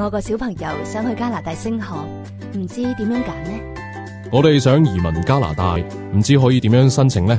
我個小朋友想去加拿大升學，唔知點樣揀呢？我哋想移民加拿大，唔知可以點樣申請呢？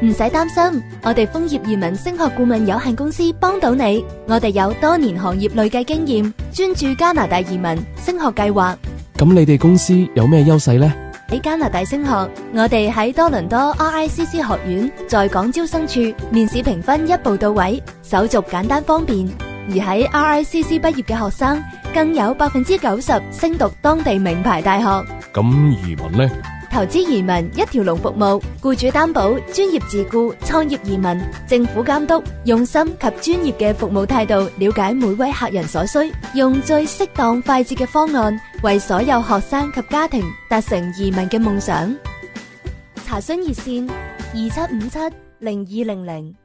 唔使擔心，我哋楓葉移民升學顧問有限公司幫到你。我哋有多年行業累計經驗，專注加拿大移民升學計劃。咁你哋公司有咩優勢呢？喺加拿大升學，我哋喺多倫多 RICC 學院在港招生處面試評分一步到位，手續簡單方便。而喺 RICC 畢業嘅學生，更有百分之九十升讀當地名牌大學。咁移民呢？投資移民一條龍服務，雇主擔保、專業自雇、創業移民、政府監督，用心及專業嘅服務態度，了解每位客人所需，用最適當、快捷嘅方案，為所有學生及家庭達成移民嘅夢想。查詢熱線：二七五七零二零零。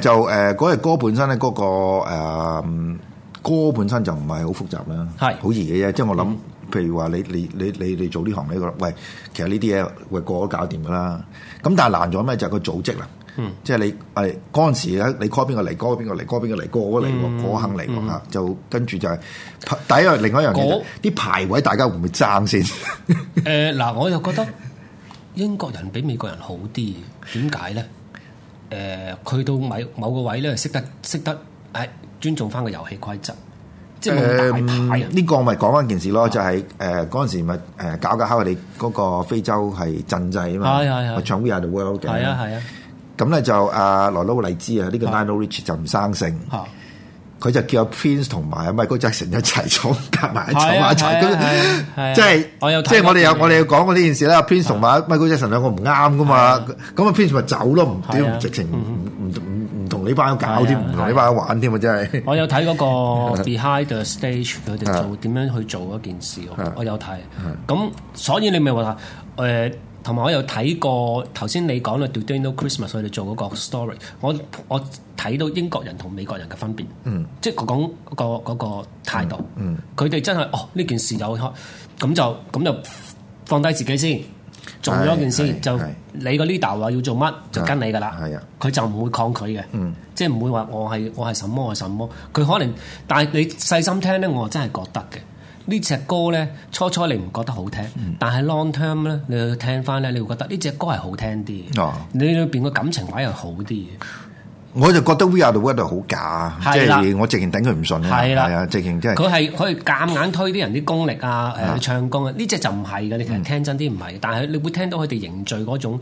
就誒，嗰、呃、日歌本身咧，嗰、那個誒、呃、歌本身就唔係好複雜啦，係好易嘅啫。即係我諗，譬如話你你你你你做呢行，呢個喂，其實呢啲嘢喂過咗搞掂噶啦。咁但係難咗咩？就係個組織啦、嗯，嗯，即係你誒嗰陣時咧，你 call 邊個嚟 call 邊個嚟，call 邊個嚟，過咗嚟，過肯嚟吓，嗯、就跟住就係、是、第一樣，另外一樣嘢那就啲、是、排位，大家會唔會爭先？誒，嗱，我又覺得英國人比美國人好啲，點解咧？誒，去到某某個位咧，識得識得誒，尊重翻個遊戲規則，即係冇大啊！呢個咪講翻件事咯，就係誒嗰陣時咪誒搞嘅，喺我哋嗰個非洲係鎮制啊嘛，唱 We a 啊係啊，咁咧就啊來攞個例子啊，呢個 Nino Rich 就唔生性。佢就叫阿 Prince 同埋阿 Michael Jackson 一齊坐，夾埋一坐一齊。即係，即係我哋有我哋要講過呢件事啦。Prince 同埋 Michael Jackson 兩個唔啱噶嘛，咁阿 Prince 咪走咯，點解唔直情唔唔唔同你班搞添，唔同你班玩添啊！真係。我有睇嗰個 Behind the Stage，佢哋做點樣去做一件事，我有睇。咁所以你咪話誒。同埋我有睇過頭先你講啦，Do They Know It's Christmas 佢哋做嗰個 story，我我睇到英國人同美國人嘅分別，嗯、mm. 那個，即係講個嗰、那個態度，嗯、mm.，佢哋真係哦呢件事有開，咁就咁就放低自己先，做咗件事、mm. 就、mm. 你個 leader 話要做乜就跟你噶啦，係啊，佢就唔會抗拒嘅，嗯、mm.，即係唔會話我係我係什麼我係什麼。佢可能但係你細心聽咧，我真係覺得嘅。呢隻歌咧，初初你唔覺得好聽，嗯、但係 long term 咧，你去聽返咧，你會覺得呢隻歌係好聽啲。哦，你裏邊嘅感情位又好啲。我就覺得 We Are The World 好假，即係我直情頂佢唔順啊！係啦，係啊，直情即係佢係可以夾硬推啲人啲功力啊，誒唱功啊，呢隻就唔係，噶，你其實聽真啲唔係，但係你會聽到佢哋凝聚種種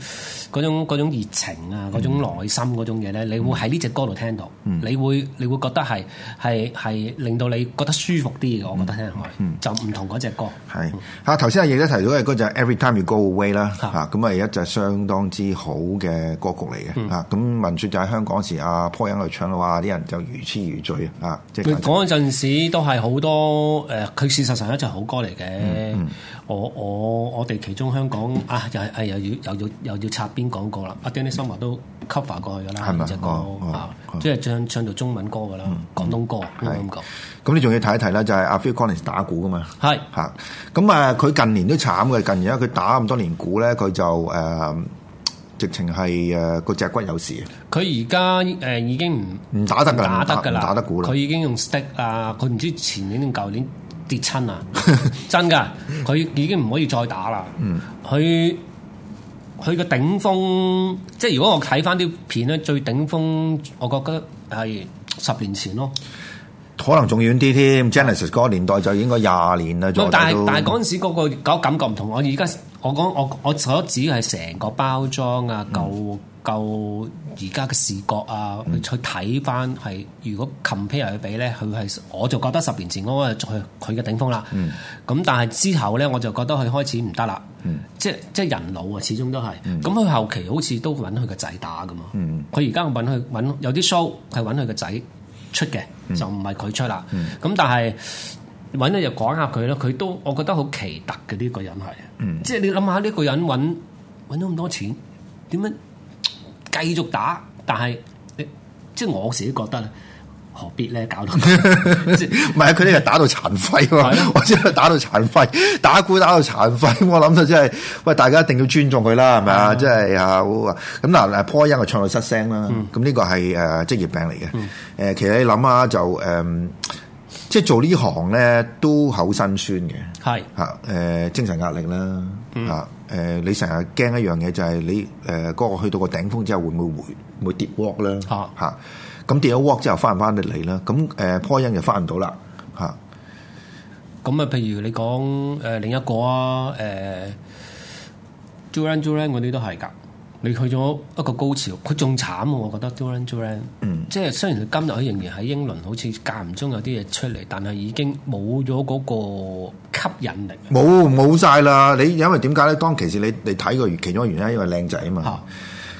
嗰種熱情啊，種種內心種嘢咧，你會喺呢隻歌度聽到，你會你會覺得係係係令到你覺得舒服啲嘅，我覺得聽落去就唔同隻歌。係啊，頭先阿翼都提到嘅隻 Everytime You Go Away 啦，吓咁啊，一隻相當之好嘅歌曲嚟嘅。嚇咁文說就喺香港時。啊！破人去唱嘅話，啲人就如痴如醉啊！即係嗰陣時都係好多誒，佢事實上一隻好歌嚟嘅。我我我哋其中香港啊，又係又要又要又要插邊講過啦。阿 Danny Summer 都 cover 過去㗎啦，粵語歌即係將唱到中文歌㗎啦，廣東歌咁講。咁你仲要睇一睇啦，就係阿 Phil Collins 打鼓㗎嘛。係嚇，咁啊，佢近年都慘嘅。近年因佢打咁多年鼓咧，佢就誒。直情係誒個脊骨有事啊！佢而家誒已經唔唔打得㗎啦，打，打得㗎啦，唔打得鼓啦。佢已經用 stick 啊！佢唔知前年定舊年跌親啊！ 真噶，佢已經唔可以再打啦。佢佢個頂峰，即係如果我睇翻啲片咧，最頂峰，我覺得係十年前咯。可能仲遠啲添 Genesis、嗯、嗰個年代就應該廿年啦、嗯但。但係但係嗰陣時個感覺唔同，我而家。我講我我所指係成個包裝啊，夠夠而家嘅視覺啊，嗯、去睇翻係如果 compare 近幾年去比咧，佢係我就覺得十年前嗰個係佢嘅頂峰啦。咁、嗯、但係之後咧，我就覺得佢開始唔得啦。嗯、即即人老啊，始終都係。咁佢、嗯、後期好似都揾佢個仔打咁嘛。佢而家揾佢揾有啲 show 係揾佢個仔出嘅，嗯、就唔係佢出啦。咁、嗯、但係。揾咧又講下佢咯，佢都我覺得好奇特嘅呢個人係，即係你諗下呢個人揾揾到咁多錢，點樣繼續打？但係即係我自己覺得咧，何必咧搞到？唔係佢呢個打到殘廢喎，或者打到殘廢，打鼓打到殘廢。我諗到真係，喂大家一定要尊重佢啦，係咪啊？即係啊，咁嗱嗱破音啊唱到失聲啦。咁呢個係誒職業病嚟嘅。誒其實你諗下就誒。即係做呢行咧，都好辛酸嘅。係吓是，誒、啊呃，精神壓力啦，吓、嗯，誒、啊呃，你成日驚一樣嘢就係你，誒、呃，嗰個去到個頂峰之後會唔會回，會,會跌窩咧？吓吓、啊，咁跌咗窩之後翻唔翻得嚟咧？咁，誒、呃，波音又翻唔到啦。吓，咁啊，譬如你講，誒、呃，另一個啊，誒，Duran Duran 嗰啲都係噶。你去咗一個高潮，佢仲慘喎！我覺得 Duran Duran，即係雖然佢今日仍然喺英倫，好似間唔中有啲嘢出嚟，但係已經冇咗嗰個吸引力。冇冇曬啦！你因為點解咧？當其時你你睇過其中一個原因，因為靚仔啊嘛。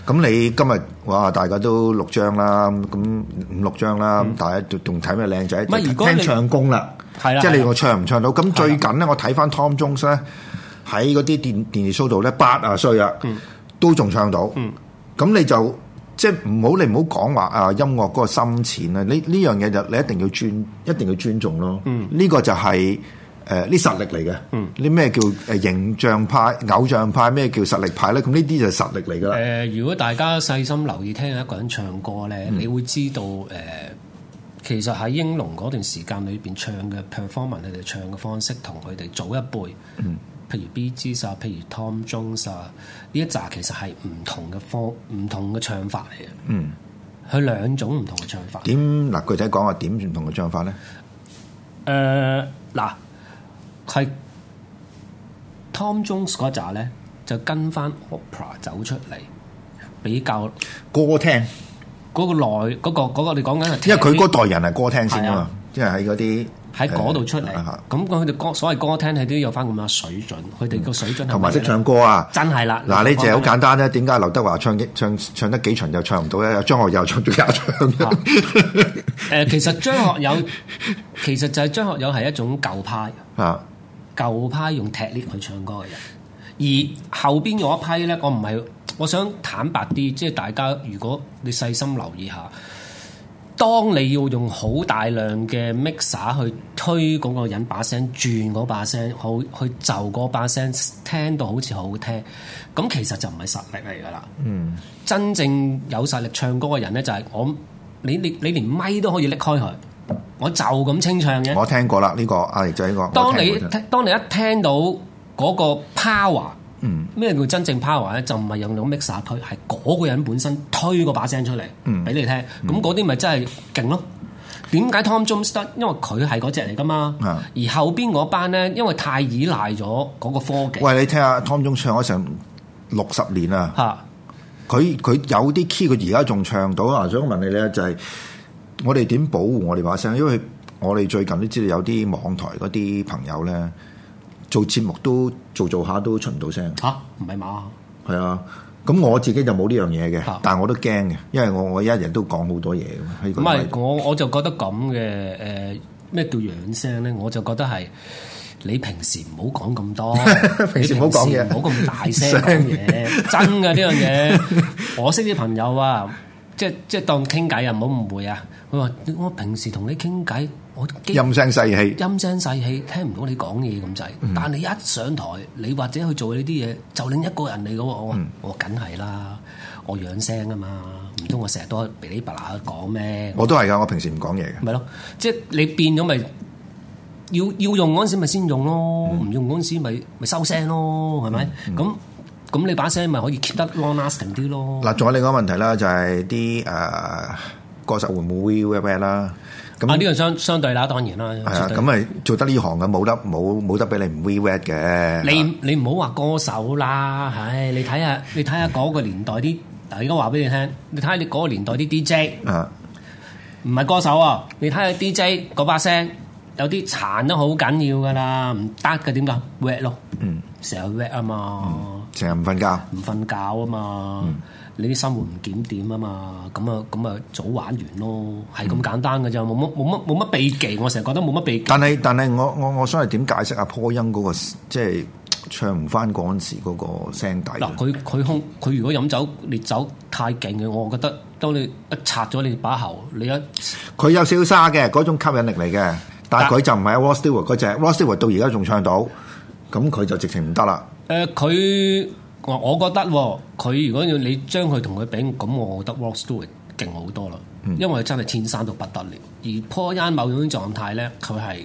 咁、啊、你今日哇，大家都六張啦，咁五六張啦，咁但係仲睇咩靚仔？唔聽唱功啦，係啦、嗯。即、嗯、係你我唱唔唱到？咁、嗯、最近咧，我睇翻 Tom Jones 咧，喺嗰啲電電視 show 度咧，八啊歲啊。嗯都仲唱到，咁、嗯、你就即係唔好，你唔好講話啊！音樂嗰個深淺咧，呢呢樣嘢就你一定要尊，一定要尊重咯。呢、嗯、個就係誒呢實力嚟嘅。嗯，呢咩叫誒形象派、偶像派？咩叫實力派咧？咁呢啲就係實力嚟噶。誒、呃，如果大家細心留意聽一個人唱歌咧，嗯、你會知道誒、呃，其實喺英龍嗰段時間裏邊唱嘅 performance，佢哋唱嘅方式同佢哋早一輩嗯。譬如 B.G. 啊，譬如 Tom Jones 啊，呢一扎其實係唔同嘅科，唔同嘅唱法嚟嘅。嗯，佢兩種唔同嘅唱法。點嗱？具體講下點唔同嘅唱法咧？誒嗱、呃，係 Tom Jones 嗰扎咧，就跟翻 opera 走出嚟，比較歌廳嗰個內嗰、嗰個嗰個嗰個你講緊係因為佢嗰代人係歌廳先啊嘛，即係喺嗰啲。喺嗰度出嚟，咁佢哋歌所謂歌廳係都有翻咁嘅水準，佢哋個水準同埋識唱歌啊！真係啦，嗱呢就好簡單啦。點解劉德華唱唱唱得幾場又唱唔到咧？有張學友唱最優唱。誒、 嗯，其實張學友其實就係張學友係一種舊派啊，舊派用踢裂去唱歌嘅人，而後邊有一批咧，我唔係我想坦白啲，即係大家如果你細心留意下。當你要用好大量嘅 mix 去推個人把聲轉把聲好去就把聲聽到好似好聽，咁其實就唔係實力嚟噶啦。嗯，真正有實力唱歌嘅人咧，就係我，你你你連咪都可以拎開佢，我就咁清唱嘅，這個。我聽過啦，呢個，阿黎仔呢個。當你當你一聽到個 power。咩、嗯、叫真正 power 咧？就唔係用到 mixer 推，係嗰個人本身推嗰把聲出嚟，俾、嗯嗯、你聽。咁嗰啲咪真係勁咯？點解 Tom Jones 得？因為佢係嗰隻嚟㗎嘛。是的 而後邊嗰班咧，因為太依賴咗嗰個科技。喂，你聽下 Tom Jones 唱咗成六十年啦。吓的，佢佢有啲 key，佢而家仲唱到啊！想問你咧，就係、是、我哋點保護我哋把聲？因為我哋最近都知道有啲網台嗰啲朋友咧。做節目都做做下都出唔到聲，嚇唔係嘛？係啊，咁、啊、我自己就冇呢樣嘢嘅，啊、但我都驚嘅，因為我我一日都講好多嘢。唔係我我就覺得咁嘅，誒咩叫養聲咧？我就覺得係、呃、你平時唔好講咁多， 平時唔好講嘢，唔好咁大聲講嘢， 真㗎呢樣嘢。 我識啲朋友啊，即即，即當傾偈啊，唔好誤會啊。佢話我平時同你傾偈。陰聲細氣，陰聲細氣，聽唔到你講嘢咁滯。但你一上台，你或者去做呢啲嘢，就另一個人嚟㗎喎。我梗係啦，我養聲啊嘛。唔通我成日都劈哩啪啦講咩？我都係㗎，我平時唔講嘢嘅。咪咯，即係你變咗咪要要用嗰陣時咪先用咯，唔用嗰陣時咪咪收聲咯，係咪？咁咁你把聲咪可以 keep 得 long lasting 啲咯。嗱，仲有另外一個問題啦，就係啲誒歌手會唔會 repeat 啦？咁啊，呢個相相對啦，當然啦。係啊，咁咪做得呢行嘅，冇得冇冇得俾你唔 work 嘅。你你唔好話歌手啦，唉，你睇下你睇下嗰個年代啲，嗱，而家話俾你聽，你睇下你嗰個年代啲 DJ 啊，唔係歌手啊，你睇下 DJ 嗰把聲，有啲殘得好緊要噶啦，唔得嘅點講？work 咯，嗯，成日 work 啊嘛，成日唔瞓覺，唔瞓覺啊嘛。你啲生活唔檢點啊嘛，咁啊咁啊早玩完咯，係咁 簡單嘅咋，冇乜冇乜冇乜秘忌，我成日覺得冇乜秘忌但。但係但係我我我想係點解釋阿破音嗰個即係唱唔翻嗰陣時嗰個聲底。嗱佢佢胸佢如果飲酒烈酒太勁嘅，我，我覺得當你一拆咗你把喉你一佢有少少沙嘅嗰種吸引力嚟嘅，但係佢但就唔係 Rod Stewart 嗰隻 Rod Stewart 到而家仲唱到，咁佢就直情唔得啦。誒佢、呃。我覺得佢如果要你將佢同佢比，咁我覺得 Rod Stewart 都會勁好多啦，嗯、因為真係天生到不得了。而坡恩某種狀態咧，佢係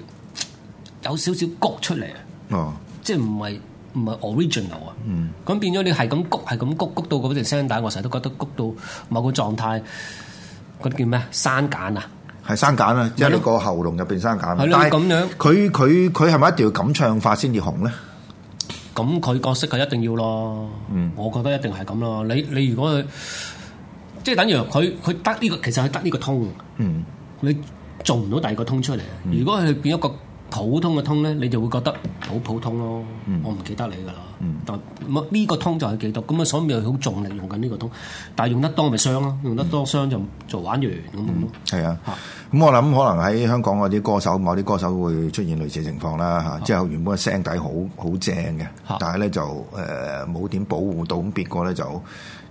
有少少谷出嚟啊，哦、即係唔係唔係 original 啊、嗯。咁變咗你係咁谷，係咁谷谷到嗰條聲帶，我成日都覺得谷到某個狀態嗰啲叫咩啊？生繭啊！係生繭啊，因為個喉嚨入邊生繭。但係咁樣，佢佢佢係咪一定要咁唱法先至紅咧？咁佢角色佢一定要咯，嗯、我覺得一定係咁咯。你你如果佢即係等於佢佢得呢、呢個，其實係得呢個通。嗯，你做唔到第二個通出嚟。嗯、如果佢變一個普通嘅通咧，你就會覺得好普通咯。嗯、我唔記得你㗎啦。嗯，但呢個通就係記得。咁啊，所以咪好重力用緊呢個通，但係用得多咪傷咯。用得多傷就就玩完咁咯。係啊，嚇。咁我諗可能喺香港嗰啲歌手，某啲歌手會出現類似嘅情況啦嚇。即係、啊、原本個聲底好好正嘅，啊、但係咧就誒冇點保護到，咁別個咧就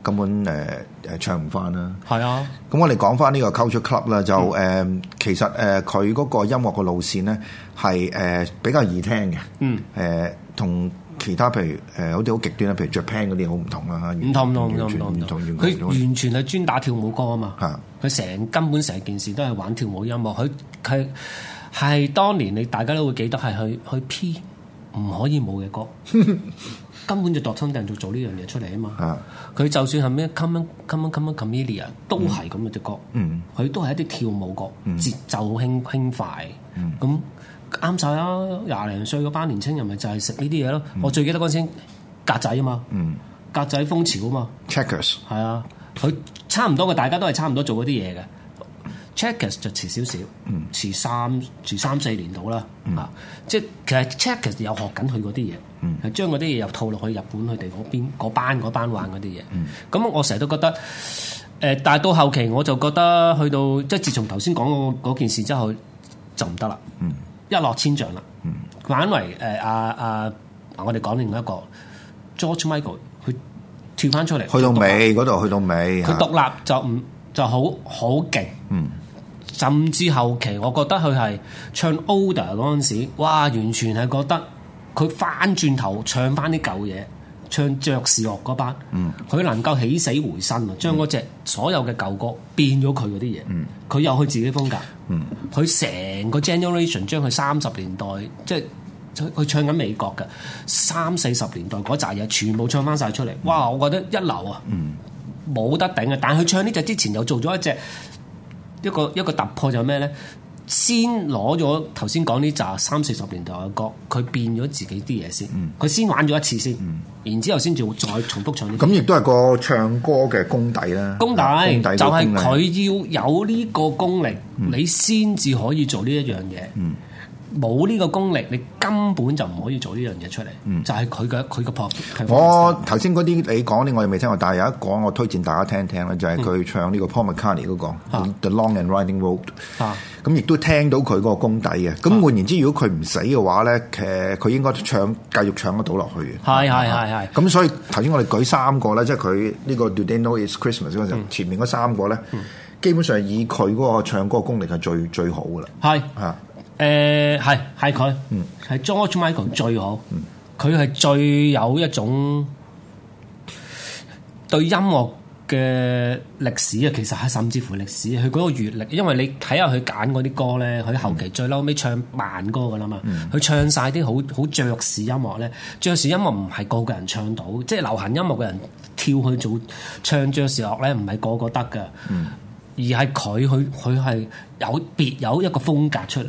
根本誒誒、呃、唱唔翻啦。係啊。咁、嗯、我哋講翻呢個 Culture Club 啦，就、呃、誒其實誒佢嗰個音樂嘅路線咧係誒比較易聽嘅。嗯。誒同、呃。其他譬如誒，好似好極端啦，譬如 Japan 嗰啲好唔同啊。唔同唔同，佢完全係來專打跳舞歌啊嘛，佢成是的 根本成件事都係玩跳舞音樂，佢佢係當年你大家都會記得係去去 P 唔可以冇嘅歌， 根本就度身訂做做呢樣嘢出嚟啊嘛，佢就算係咩 Karma Karma Karma Karma Chameleon 都係咁嘅隻歌，嗯，佢、嗯、都係一啲跳舞歌，節奏輕輕快，咁。嗯啱晒啊！廿零歲嗰班年青人咪就係食呢啲嘢咯。Mm. 我最記得嗰陣時，格仔啊嘛，mm. 格仔風潮啊嘛，Checkers 係啊，佢差唔多嘅，大家都係差唔多做嗰啲嘢嘅。Checkers 就遲少少，mm. 遲三遲三四年到啦。Mm. 啊，即係其實 Checkers 又學緊佢嗰啲嘢，係將嗰啲嘢又套落去日本佢哋嗰邊嗰班嗰班玩嗰啲嘢。咁、mm. 我成日都覺得，誒、呃，但係到後期我就覺得去到即係自從頭先講嗰嗰件事之後就唔得啦。Mm. Mm. 一落千丈啦，反為誒阿阿我哋講另一個 George Michael，佢跳翻出嚟，去到尾嗰度，去到尾，佢獨,獨立就唔就好好勁，嗯、甚至後期我覺得佢係唱 Older 嗰陣時，哇！完全係覺得佢翻轉頭唱翻啲舊嘢。唱爵士樂嗰班，佢、嗯、能夠起死回生啊！將嗰隻所有嘅舊歌變咗佢嗰啲嘢，佢、嗯、有佢自己風格，佢成、嗯、個 generation 將佢三十年代即係佢唱緊美國嘅三四十年代嗰扎嘢，全部唱翻晒出嚟。哇！我覺得一流啊，冇、嗯、得頂啊。但係佢唱呢隻之前又做咗一隻一個一個，一個突破，就係咩呢？先攞咗頭先講呢紮三四十年代嘅歌，佢變咗自己啲嘢先，佢、嗯、先玩咗一次先，嗯、然之後先至會再重複唱。咁亦都係個唱歌嘅功底啦底、啊，功底功就係佢要有呢個功力，嗯、你先至可以做呢一樣嘢。嗯冇呢個功力，你根本就唔可以做呢樣嘢出嚟。Mm. 就係佢嘅佢嘅破。我頭先嗰啲你講咧，我又未聽過。但係有一個我推薦大家聽聽咧，就係、是、佢唱呢個 Paul McCartney 嗰、那個 The Long and Winding Road。咁、 嗯、亦都聽到佢嗰個功底嘅。咁換言之，如果佢唔死嘅話咧，其實佢應該唱繼續唱得到落去嘅。係係係係。咁 所以頭先我哋舉三個咧，即係佢呢個 Do They Know It's Christmas 嗰陣， 前面嗰三個咧，嗯、基本上以佢嗰個唱歌功力係最最好噶啦。係啊。誒係係佢，係、呃、George Michael 最好，佢係最有一種對音樂嘅歷史啊！其實係甚至乎歷史，佢嗰個閲歷，因為你睇下佢揀嗰啲歌咧，佢後期最嬲尾唱慢歌噶啦嘛，佢、嗯、唱晒啲好好爵士音樂咧，爵士音樂唔係個個人唱到，即係流行音樂嘅人跳去做唱爵士樂咧，唔係個個得㗎。而係佢，佢佢係有別有一個風格出嚟。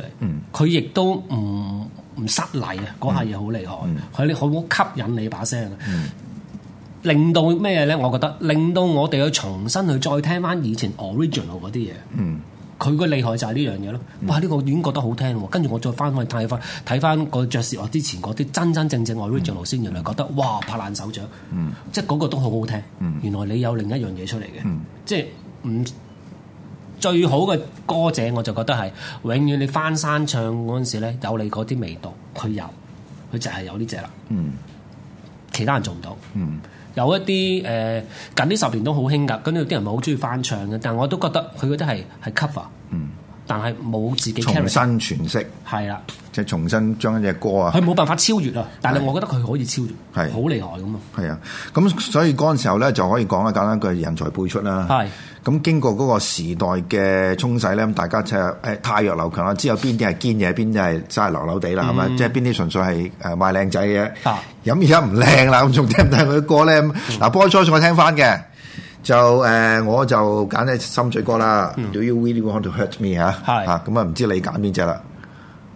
佢亦都唔唔失禮啊！嗰下嘢好厲害，佢啲好吸引你把聲。令到咩呢？我覺得令到我哋去重新去再聽翻以前 original 嗰啲嘢。佢個厲害就係呢樣嘢咯。哇！呢個已經覺得好聽喎。跟住我再翻去睇翻睇翻個爵士樂之前嗰啲真真正正 original 先，原來覺得哇拍爛手掌。即係嗰個都好好聽。原來你有另一樣嘢出嚟嘅。即係唔。最好嘅歌者，我就覺得係永遠你翻山唱嗰陣時咧，有你嗰啲味道，佢有，佢就係有呢隻啦。嗯，其他人做唔到。嗯有，有一啲誒近呢十年都好興㗎，咁有啲人係好中意翻唱嘅，但我都覺得佢嗰啲係係 cover。嗯，但係冇自己重新詮釋。係啦。即係重新將一隻歌啊！佢冇辦法超越啊，但係我覺得佢可以超越，係好厲害咁啊。係啊，咁所以嗰陣時候咧，就可以講一簡單句人才輩出啦。係咁經過嗰個時代嘅沖洗咧，大家就係汰弱留強啦。知道邊啲係堅嘢，邊啲係真係流流地啦，係咪？即係邊啲純粹係誒賣靚仔嘅，咁而家唔靚啦。咁仲聽唔聽佢啲歌咧？嗱 ball 初初我聽翻嘅，就誒我就揀啲心水歌啦。Do you really want to hurt me？嚇，嚇咁啊？唔知你揀邊隻啦？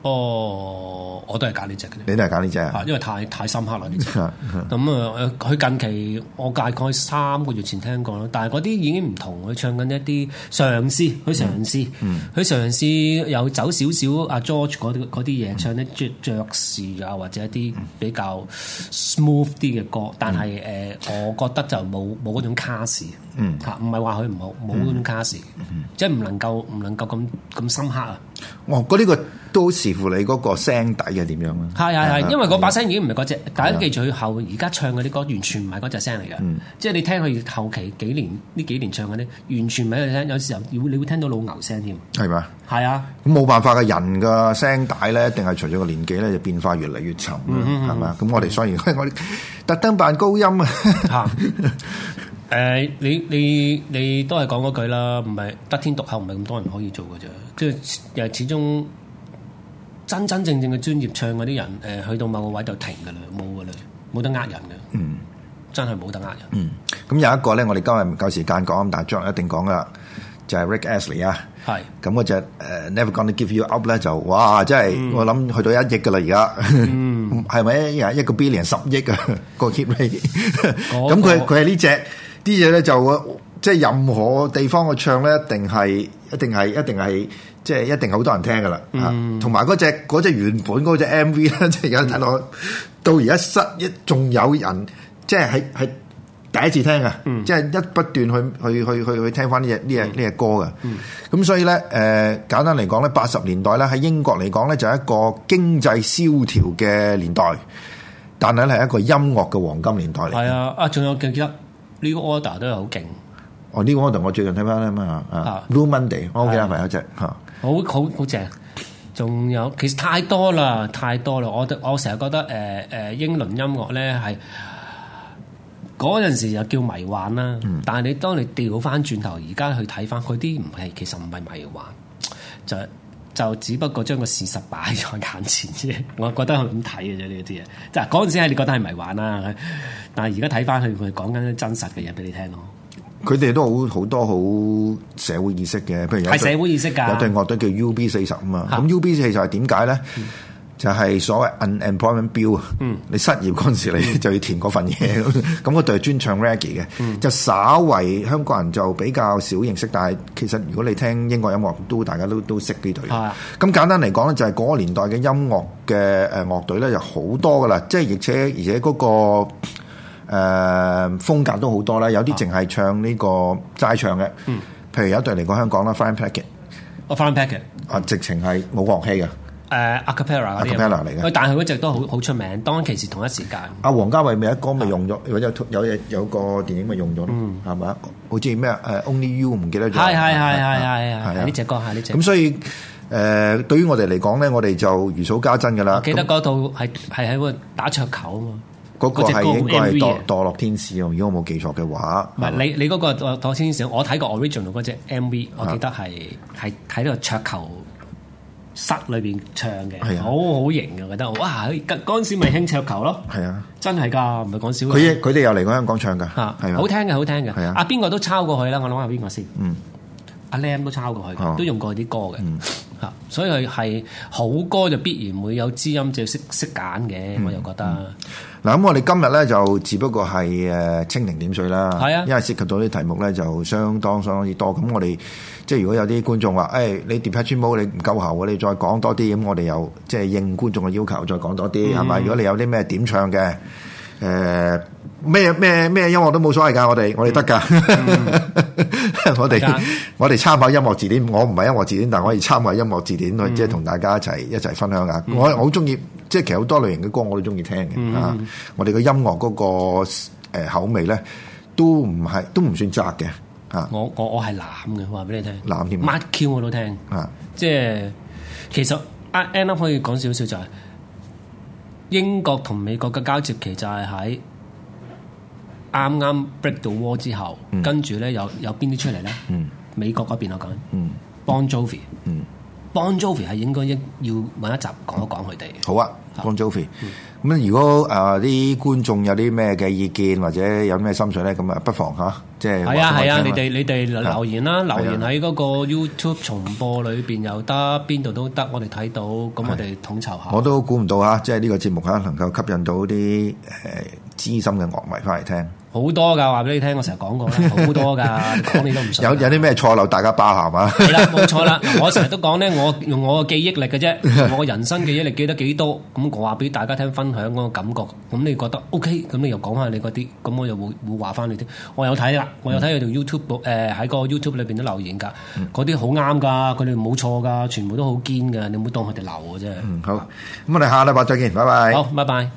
哦，我都係揀呢隻嘅。你都係揀呢隻啊？因為太太深刻啦呢隻。咁啊、 嗯，佢近期我大概三個月前聽過啦，但係嗰啲已經唔同，佢唱緊一啲嘗試，佢嘗試，佢嘗、嗯嗯、試有走少少阿、啊、George 嗰啲嘢，嗯、唱啲爵士啊，或者一啲比較 smooth 啲嘅歌。但係誒、嗯呃，我覺得就冇冇嗰種卡士。嗯，嚇，唔係話佢唔好冇嗰種卡士，即係唔能夠唔能夠咁咁深刻啊！我嗰呢個都視乎你嗰個聲底係點樣啊？係係係，因為嗰把聲已經唔係嗰隻，大家記住後而家唱嘅啲歌完全唔係嗰隻聲嚟嘅，即係你聽佢後期幾年呢幾年唱嘅咧，完全唔係佢隻聲，有時候你會聽到老牛聲添，係嘛？係啊，咁冇辦法嘅，人嘅聲帶咧，一定係隨咗個年紀咧就變化越嚟越沉，係嘛？咁我哋雖然我哋特登扮高音啊。誒、呃，你你你都係講嗰句啦，唔係得天獨厚，唔係咁多人可以做噶啫。即係又始終真真正正嘅專業唱嗰啲人，誒、呃，去到某個位就停噶啦，冇噶啦，冇得呃人噶、嗯嗯。嗯，真係冇得呃人。咁有一個咧，我哋今日唔夠時間講，但係今日一定講啦，就係、是、Rick Astley 啊是。係、那個。咁嗰隻誒 Never Gonna Give You Up 咧，就哇，真係我諗去到一億噶啦而家。嗯。係咪？一、嗯、一個 billion 十億啊，這個 hit rate。咁佢佢係呢隻。啲嘢咧就即係任何地方嘅唱咧，一定係一定係一定係即係一定好多人聽噶啦。同埋嗰隻隻原本嗰隻 M V 咧、 嗯，即係有睇落到而家失一，仲有人即係喺喺第一次聽噶，即係、嗯、一不斷去去去去,去,去聽翻呢隻呢隻呢隻歌噶。咁、嗯、所以咧，誒、呃，簡單嚟講咧，八十年代咧喺英國嚟講咧，就係、一個經濟蕭條嘅年代，但係咧係一個音樂嘅黃金年代嚟。係啊，啊，仲有記記得？啊啊呢個 order 都係好勁。哦，呢、這個 order 我最近睇翻咧啊，啊 Blue Monday，啊、我屋企阿朋友隻嚇，好好好正。仲有，其實太多啦，太多啦。我我成日覺得誒誒、呃呃、英倫音樂咧係嗰陣時就叫迷幻啦。但係你當你調翻轉頭而家去睇翻，佢啲唔係，其實唔係迷幻，就就只不過將個事實擺在眼前啫。我覺得係咁睇嘅啫呢啲嘢。嗱，嗰陣時係你覺得係迷幻啦。但係而家睇翻佢，佢講緊真實嘅嘢俾你聽咯。佢哋都好好多好社會意識嘅，譬如有隊樂隊叫 UB40 啊嘛。咁 UB40 係點解咧？就係所謂 unemployment bill 啊。嗯，你失業嗰陣時，你就要填嗰份嘢。咁嗰隊係專唱 reggae 嘅，就稍為香港人就比較少認識。但係其實如果你聽英國音樂，都大家都都識呢隊。咁簡單嚟講咧，就係嗰個年代嘅音樂嘅誒樂隊咧，就好多㗎喇。即係而且而且嗰個。誒風格都好多啦，有啲淨係唱呢個齋唱嘅，譬如有一隊嚟講香港啦，Fine Packet，哦 Fine Packet，啊直情係冇樂器嘅，誒 Acapella 嘅 Acapella 嚟嘅，但係嗰隻都好好出名，當其時同一時間，阿王家衛咪一歌咪用咗，有有有有個電影咪用咗，係咪？好似咩？Only You 唔記得咗，係係係係係呢隻歌係呢隻。咁所以誒，對於我哋嚟講咧，我哋就如數家珍㗎啦。記得嗰套係係喺個打桌球啊嘛。嗰隻歌應該係墮落天使啊！如果我冇記錯嘅話，唔係你你嗰、嗰個墮落天使，我睇過 original 嗰隻 MV，我記得係喺喺個桌球室裏邊唱嘅、啊，好好型嘅，我覺得哇！嗰嗰陣時咪興桌球咯，係啊，真係㗎，唔係講笑。佢佢哋又嚟過香港唱㗎，係、啊啊、好聽嘅，好聽嘅，係啊，阿邊個都抄過去啦，我諗下邊個先，嗯。阿 Lam 都抄過佢，都用過啲歌嘅，嚇，所以佢係好歌就必然會有知音，就要識識揀嘅，我又覺得。嗱、嗯，咁、嗯、我哋今日咧就只不過係誒蜻蜓點水啦，是啊、因為涉及到啲題目咧就相當相當之多。咁我哋即係如果有啲觀眾話：誒、hey，你《Detective Mo》你唔夠喉，你再講多啲。咁我哋又即係應觀眾嘅要求，再講多啲係咪？如果你有啲咩點唱嘅，誒、呃。咩咩咩音樂都冇所謂噶，我哋我哋得噶，我哋我哋參考音樂字典，我唔係音樂字典，但可以參考音樂字典去即係同大家一齊一齊分享下。我我好中意，即係其實好多類型嘅歌我都中意聽嘅啊！我哋嘅音樂嗰個誒口味咧，都唔係都唔算窄嘅啊！我我我係濫嘅，話俾你聽，濫添，乜 Q 我都聽啊！即係其實啱啱可以講少少就係英國同美國嘅交接期就係喺。啱啱 break 到窩之後，跟住咧有有邊啲出嚟咧？美國嗰邊我講，Bon Jovi，Bon Jovi 係應該一要揾一集講一講佢哋。好啊，Bon Jovi。咁如果誒啲觀眾有啲咩嘅意見或者有咩心水咧，咁啊不妨吓，即係係啊係啊！你哋你哋留言啦，留言喺嗰個 YouTube 重播裏邊又得，邊度都得，我哋睇到，咁我哋統籌下。我都估唔到啊！即係呢個節目可能能夠吸引到啲誒資深嘅樂迷翻嚟聽。好多噶，話俾你聽，我成日講過啦，好多噶，講 你，你都唔信 有。有有啲咩錯漏，大家把下嘛？係 啦，冇錯啦，我成日都講咧，我用我嘅記憶力嘅啫，用我人生嘅記憶力記得幾多，多，咁我話俾大家聽分享嗰個感覺，咁你覺得 OK，咁你又講下你嗰啲，咁我又會會話翻你添。我有睇啦，我有睇佢條 YouTube，誒、呃、喺個 YouTube 裏邊都留言噶，嗰啲好啱噶，佢哋冇錯噶，全部都好堅噶，你唔好當佢哋流嘅啫。嗯，好，咁我哋下禮拜再見，拜拜。好，拜拜。